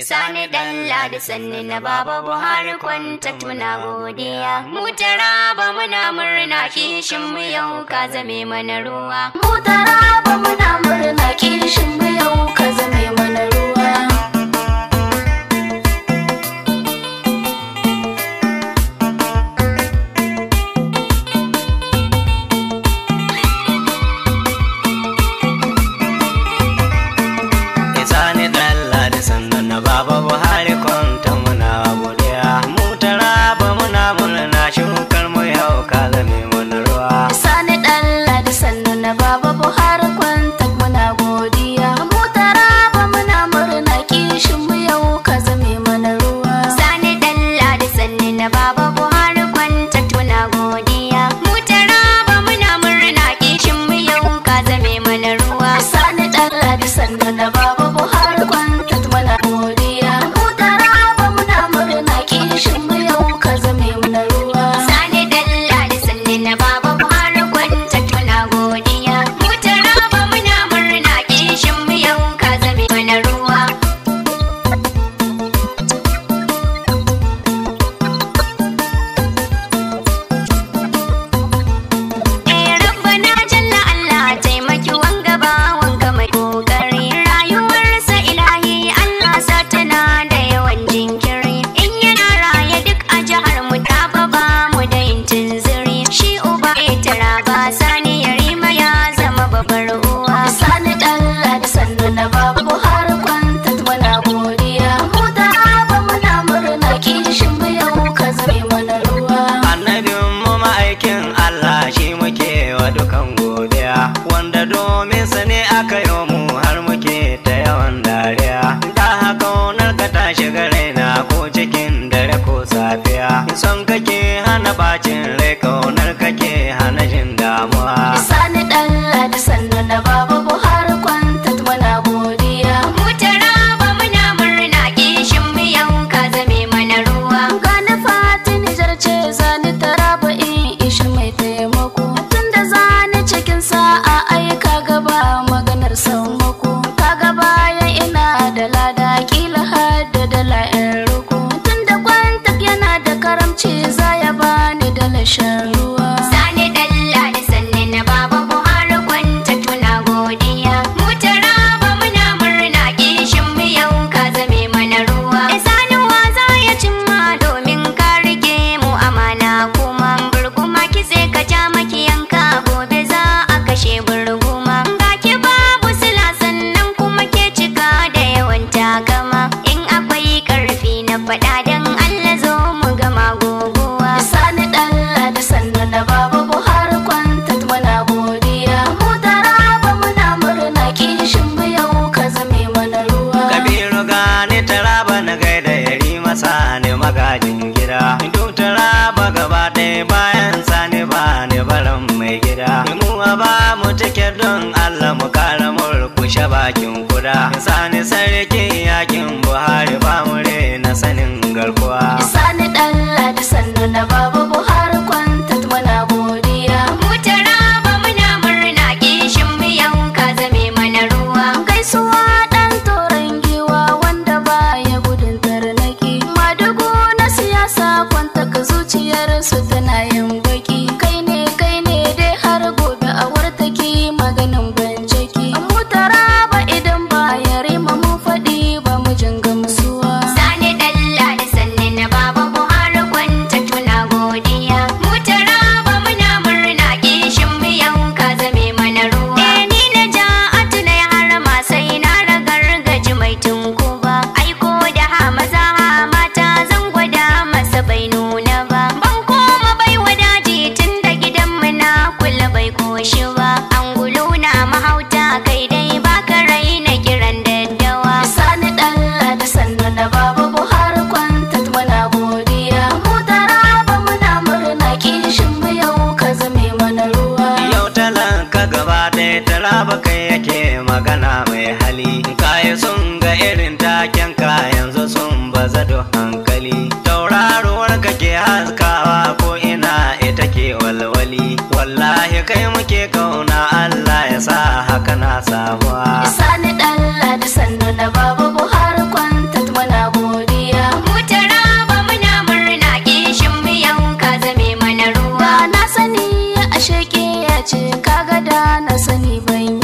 Sani dan ladi sanni na baba Buhari kwanta tuna godiya. Mu taraba muna murna kishin mu yau ka zame mana ruwa. Mu kan godiya wanda domin sa ne aka yi mu har muke ta yawan dariya da haka ka ta shiga raina ko cikin dare ko safiya son kake hana bacin 深。masa sani magajin gida Dutara ba gaba ɗaya bayan sani ba ne baran mai gida Mu ba mu tiket don allah mu kara sha bakin kuda sani sarki yakin buhari ba mu na sanin garkuwa malam ka gaba ɗaya taraba kai yake magana mai hali kayi sun ga irin taken ka yanzu sun baza da hankali tauraruwar ka ke haskawa ko ina ita ke walwali wallahi kai muke kauna Allah ya sa haka na sabuwa isa ni ɗalla da sannu na baba ka sani ban